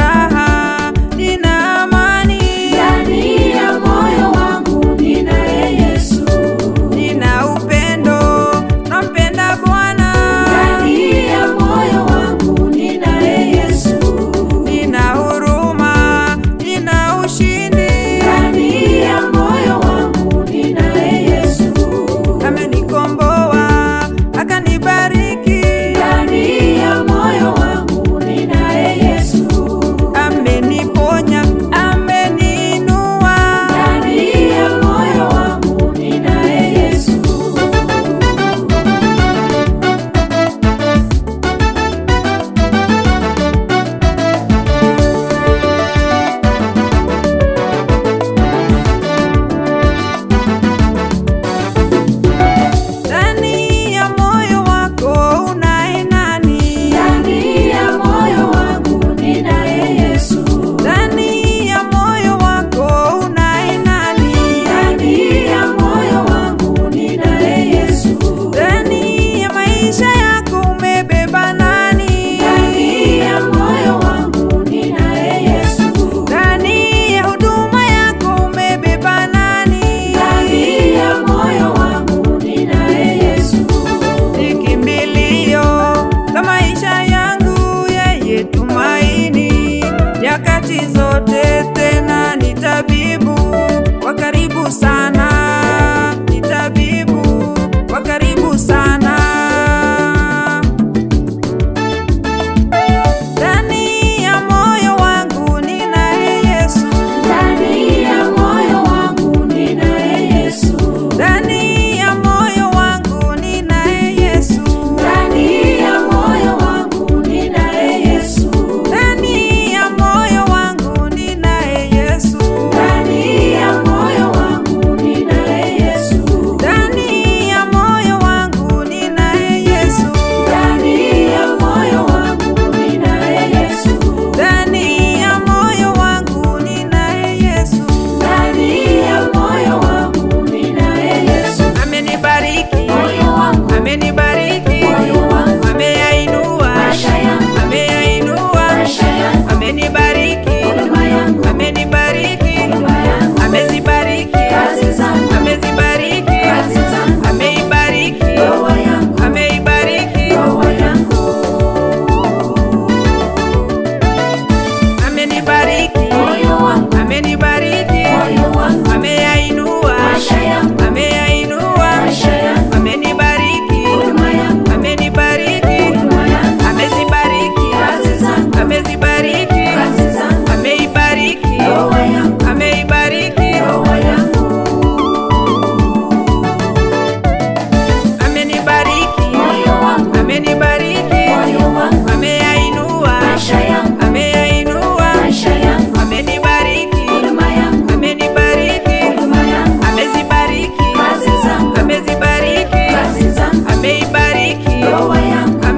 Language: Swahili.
llorar. zote tena ni tabibu wa karibu sana. ameibariki roho yangu